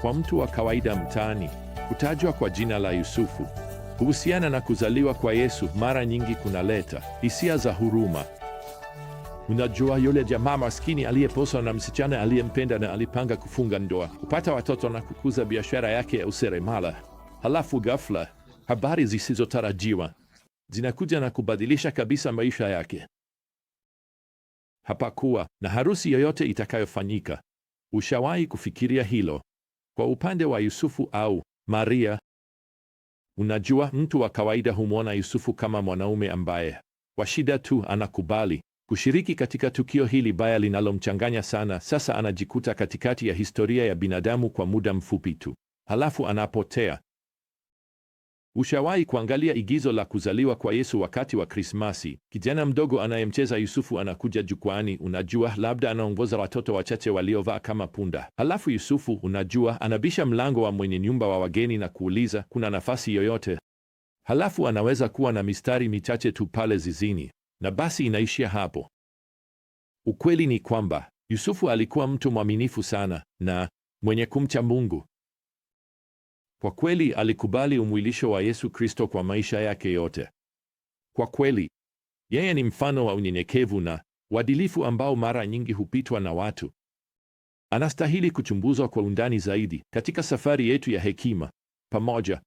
kwa mtu wa kawaida mtaani. Kutajwa kwa jina la Yusufu kuhusiana na kuzaliwa kwa Yesu mara nyingi kunaleta hisia za huruma. Unajua, yule jamaa maskini aliyeposwa na msichana aliyempenda na alipanga kufunga ndoa, kupata watoto na kukuza biashara yake ya useremala, halafu ghafla habari zisizotarajiwa zinakuja na kubadilisha kabisa maisha yake. Hapakuwa na harusi yoyote itakayofanyika. Ushawahi kufikiria hilo? Kwa upande wa Yusufu au Maria, unajua, mtu wa kawaida humwona Yusufu kama mwanaume ambaye kwa shida tu anakubali kushiriki katika tukio hili baya linalomchanganya sana. Sasa anajikuta katikati ya historia ya binadamu kwa muda mfupi tu, halafu anapotea. Ushawahi kuangalia igizo la kuzaliwa kwa Yesu wakati wa Krismasi? Kijana mdogo anayemcheza Yusufu anakuja jukwani unajua, labda anaongoza watoto wachache waliovaa kama punda. Halafu Yusufu, unajua, anabisha mlango wa mwenye nyumba wa wageni na kuuliza, kuna nafasi yoyote? Halafu anaweza kuwa na mistari michache tu pale zizini, na basi inaishia hapo. Ukweli ni kwamba Yusufu alikuwa mtu mwaminifu sana na mwenye kumcha Mungu. Kwa kweli alikubali umwilisho wa Yesu Kristo kwa maisha yake yote. Kwa kweli yeye ni mfano wa unyenyekevu na uadilifu ambao mara nyingi hupitwa na watu. Anastahili kuchunguzwa kwa undani zaidi katika safari yetu ya hekima pamoja.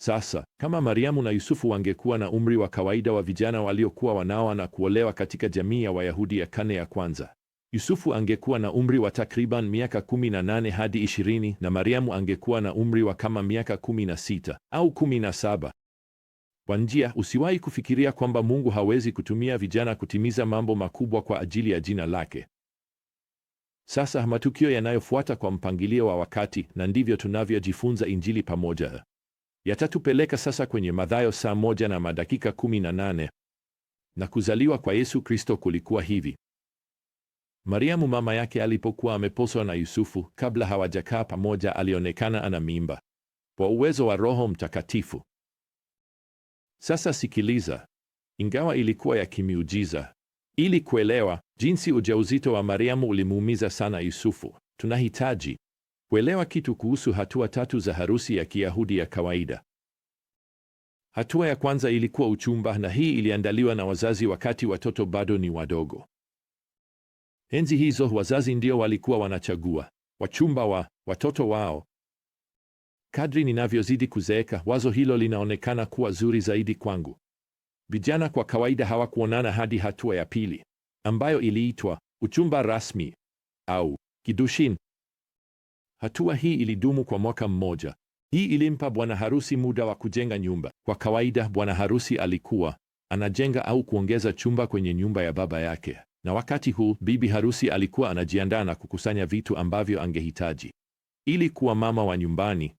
Sasa kama Mariamu na Yusufu wangekuwa na umri wa kawaida wa vijana waliokuwa wanaoa na kuolewa katika jamii ya Wayahudi ya kane ya kwanza, Yusufu angekuwa na umri wa takriban miaka 18 hadi 20 na Mariamu angekuwa na umri wa kama miaka 16 au 17. Kwa njia, usiwahi kufikiria kwamba Mungu hawezi kutumia vijana kutimiza mambo makubwa kwa ajili ya jina lake. Sasa matukio yanayofuata kwa mpangilio wa wakati, na ndivyo tunavyojifunza Injili pamoja, yatatupeleka sasa kwenye Mathayo saa moja na madakika 18. Na kuzaliwa kwa Yesu Kristo kulikuwa hivi. Mariamu mama yake alipokuwa ameposwa na Yusufu, kabla hawajakaa pamoja, alionekana ana mimba kwa uwezo wa Roho Mtakatifu. Sasa sikiliza, ingawa ilikuwa ya kimiujiza, ili kuelewa jinsi ujauzito wa Mariamu ulimuumiza sana Yusufu, tunahitaji kuelewa kitu kuhusu hatua tatu za harusi ya Kiyahudi ya kawaida. Hatua ya kwanza ilikuwa uchumba, na hii iliandaliwa na wazazi wakati watoto bado ni wadogo. Enzi hizo wazazi ndio walikuwa wanachagua wachumba wa watoto wao. Kadri ninavyozidi kuzeeka, wazo hilo linaonekana kuwa zuri zaidi kwangu. Vijana kwa kawaida hawakuonana hadi hatua ya pili ambayo iliitwa uchumba rasmi au kidushin. Hatua hii ilidumu kwa mwaka mmoja. Hii ilimpa bwana harusi muda wa kujenga nyumba. Kwa kawaida bwana harusi alikuwa anajenga au kuongeza chumba kwenye nyumba ya baba yake na wakati huu bibi harusi alikuwa anajiandaa na kukusanya vitu ambavyo angehitaji ili kuwa mama wa nyumbani.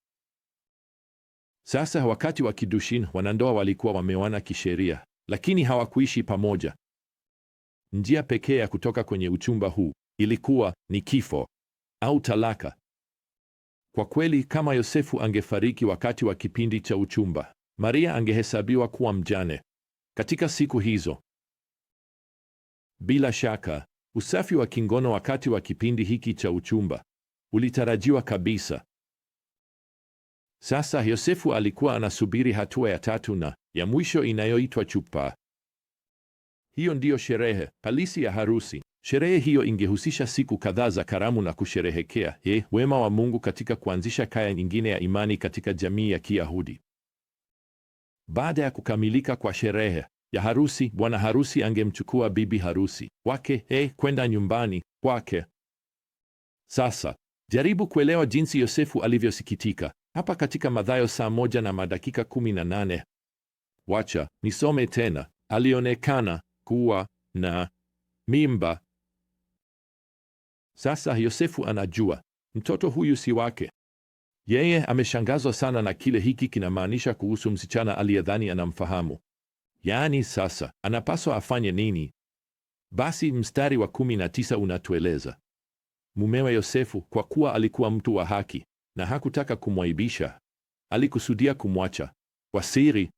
Sasa wakati wa kidushin, wanandoa walikuwa wameoana kisheria, lakini hawakuishi pamoja. Njia pekee ya kutoka kwenye uchumba huu ilikuwa ni kifo au talaka. Kwa kweli, kama Yosefu angefariki wakati wa kipindi cha uchumba, Maria angehesabiwa kuwa mjane katika siku hizo. Bila shaka, usafi wa kingono wakati wa kipindi hiki cha uchumba ulitarajiwa kabisa. Sasa Yosefu alikuwa anasubiri hatua ya tatu na ya mwisho inayoitwa chupa. Hiyo ndiyo sherehe halisi ya harusi. Sherehe hiyo ingehusisha siku kadhaa za karamu na kusherehekea ye wema wa Mungu katika kuanzisha kaya nyingine ya imani katika jamii ya Kiyahudi. Baada ya kukamilika kwa sherehe, ya harusi, bwana harusi angemchukua bibi harusi wake eh, kwenda nyumbani kwake. Sasa jaribu kuelewa jinsi Yosefu alivyosikitika hapa katika Mathayo saa moja na madakika kumi na nane. Wacha nisome tena. Alionekana kuwa na mimba. Sasa Yosefu anajua mtoto huyu si wake. Yeye ameshangazwa sana na kile hiki kinamaanisha kuhusu msichana aliyedhani anamfahamu. Yaani sasa anapaswa afanye nini? Basi mstari wa kumi na tisa unatueleza mumewe Yosefu, kwa kuwa alikuwa mtu wa haki na hakutaka kumwaibisha, alikusudia kumwacha kwa siri.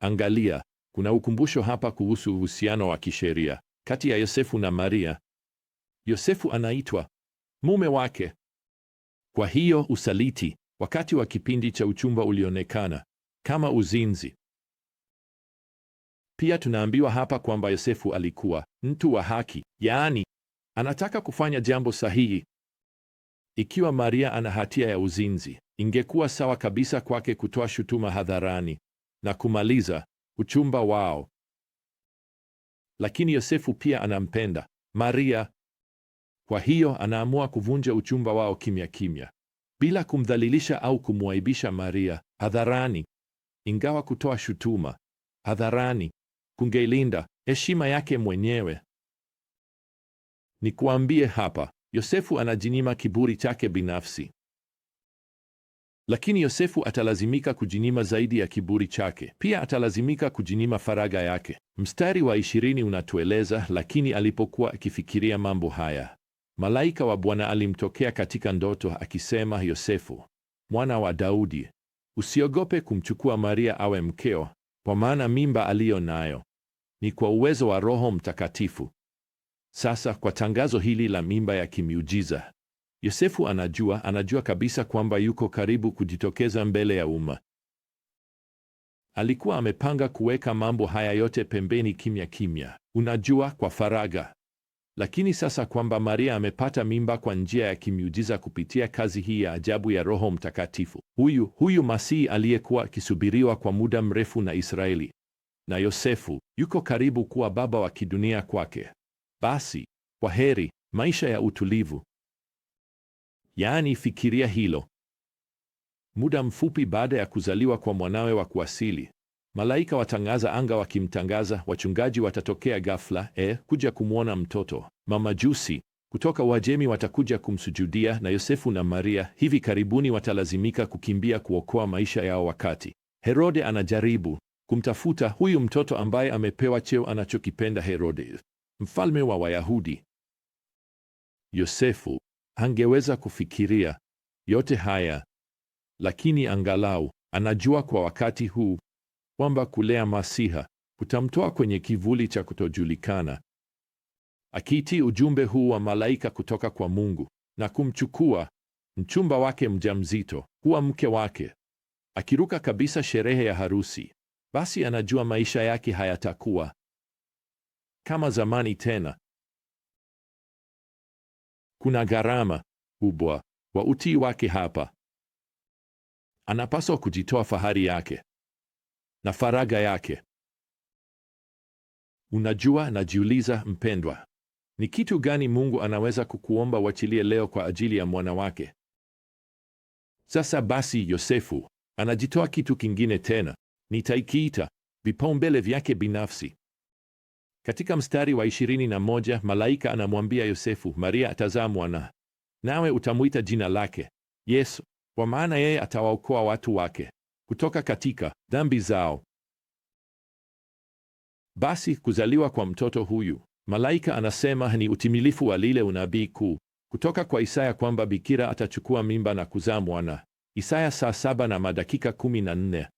Angalia, kuna ukumbusho hapa kuhusu uhusiano wa kisheria kati ya Yosefu na Maria. Yosefu anaitwa mume wake. Kwa hiyo usaliti wakati wa kipindi cha uchumba ulionekana kama uzinzi pia tunaambiwa hapa kwamba Yosefu alikuwa mtu wa haki, yaani anataka kufanya jambo sahihi. Ikiwa Maria ana hatia ya uzinzi, ingekuwa sawa kabisa kwake kutoa shutuma hadharani na kumaliza uchumba wao. Lakini Yosefu pia anampenda Maria, kwa hiyo anaamua kuvunja uchumba wao kimya kimya, bila kumdhalilisha au kumwaibisha Maria hadharani, ingawa kutoa shutuma hadharani kungelinda heshima yake mwenyewe. Nikuambie hapa, Yosefu anajinyima kiburi chake binafsi, lakini Yosefu atalazimika kujinyima zaidi ya kiburi chake, pia atalazimika kujinyima faraga yake. Mstari wa ishirini unatueleza, lakini alipokuwa akifikiria mambo haya, malaika wa Bwana alimtokea katika ndoto akisema, Yosefu mwana wa Daudi, usiogope kumchukua Maria awe mkeo, kwa maana mimba aliyo nayo ni kwa uwezo wa Roho Mtakatifu. Sasa kwa tangazo hili la mimba ya kimiujiza, Yosefu anajua anajua kabisa kwamba yuko karibu kujitokeza mbele ya umma. Alikuwa amepanga kuweka mambo haya yote pembeni kimya kimya, unajua, kwa faraga. Lakini sasa kwamba Maria amepata mimba kwa njia ya kimiujiza kupitia kazi hii ya ajabu ya Roho Mtakatifu, huyu huyu Masihi aliyekuwa akisubiriwa kwa muda mrefu na Israeli na Yosefu, yuko karibu kuwa baba wa kidunia kwake. Basi kwa heri, maisha ya utulivu. Yaani, fikiria hilo. Muda mfupi baada ya kuzaliwa kwa mwanawe wa kuasili, Malaika watangaza anga wakimtangaza, wachungaji watatokea ghafla, e, kuja kumwona mtoto. Mamajusi kutoka Uajemi watakuja kumsujudia, na Yosefu na Maria hivi karibuni watalazimika kukimbia kuokoa maisha yao, wakati Herode anajaribu kumtafuta huyu mtoto ambaye amepewa cheo anachokipenda Herode, mfalme wa Wayahudi. Yosefu angeweza kufikiria yote haya, lakini angalau anajua kwa wakati huu kwamba kulea masiha kutamtoa kwenye kivuli cha kutojulikana, akitii ujumbe huu wa malaika kutoka kwa Mungu na kumchukua mchumba wake mjamzito kuwa mke wake, akiruka kabisa sherehe ya harusi, basi anajua maisha yake hayatakuwa kama zamani tena. Kuna gharama kubwa wa utii wake hapa. Anapaswa kujitoa fahari yake na faraga yake. Unajua, najiuliza mpendwa, ni kitu gani Mungu anaweza kukuomba uachilie leo kwa ajili ya mwanawake Sasa basi, Yosefu anajitoa kitu kingine tena, nitaikiita vipaumbele vyake binafsi. Katika mstari wa 21 malaika anamwambia Yosefu, Maria atazaa mwana, nawe utamwita jina lake Yesu, kwa maana yeye atawaokoa watu wake kutoka katika dhambi zao. Basi kuzaliwa kwa mtoto huyu malaika anasema ni utimilifu wa lile unabii kuu kutoka kwa Isaya kwamba bikira atachukua mimba na kuzaa mwana. Isaya saa saba na madakika kumi na nne.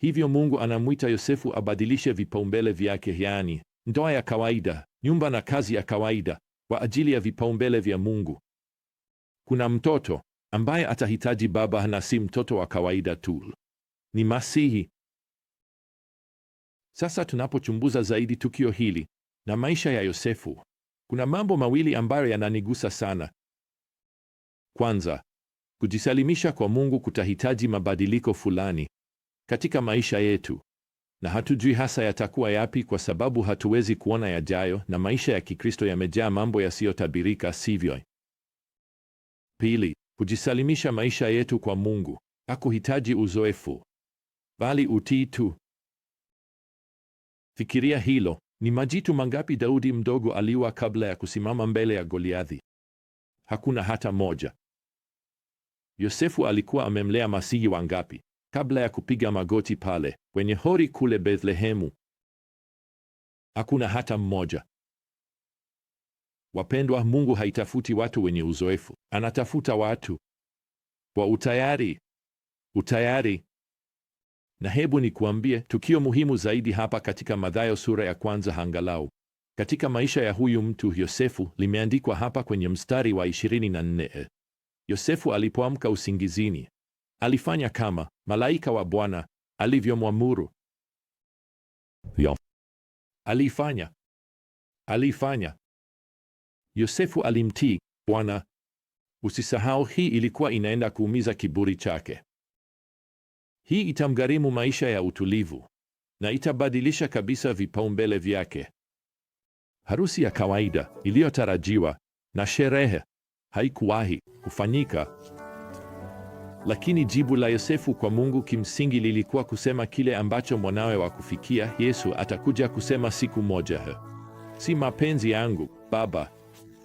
Hivyo Mungu anamwita Yosefu abadilishe vipaumbele vyake, yaani ndoa ya kawaida, nyumba na kazi ya kawaida, kwa ajili ya vipaumbele vya Mungu. Kuna mtoto ambaye atahitaji baba na si mtoto wa kawaida tu, ni Masihi. Sasa tunapochunguza zaidi tukio hili na maisha ya Yosefu, kuna mambo mawili ambayo yananigusa sana. Kwanza, kujisalimisha kwa Mungu kutahitaji mabadiliko fulani katika maisha yetu, na hatujui hasa yatakuwa yapi, kwa sababu hatuwezi kuona yajayo, na maisha ya Kikristo yamejaa mambo yasiyotabirika, sivyo? Pili, Kujisalimisha maisha yetu kwa Mungu hakuhitaji uzoefu, bali utii tu. Fikiria hilo. Ni majitu mangapi Daudi mdogo aliwa kabla ya kusimama mbele ya Goliathi? Hakuna hata moja. Yosefu alikuwa amemlea masihi wangapi kabla ya kupiga magoti pale kwenye hori kule Bethlehemu? Hakuna hata mmoja. Wapendwa, Mungu haitafuti watu wenye uzoefu, anatafuta watu wa utayari. Utayari. Na hebu nikuambie tukio muhimu zaidi hapa katika Mathayo sura ya kwanza, hangalau katika maisha ya huyu mtu Yosefu, limeandikwa hapa kwenye mstari wa 24. Yosefu alipoamka usingizini, alifanya kama malaika wa Bwana alivyomwamuru. Alifanya alifanya Yosefu alimtii Bwana. Usisahau, hii ilikuwa inaenda kuumiza kiburi chake. Hii itamgharimu maisha ya utulivu na itabadilisha kabisa vipaumbele vyake. Harusi ya kawaida iliyotarajiwa na sherehe haikuwahi kufanyika, lakini jibu la Yosefu kwa Mungu kimsingi lilikuwa kusema kile ambacho mwanawe wa kufikia Yesu atakuja kusema siku moja: si mapenzi yangu Baba,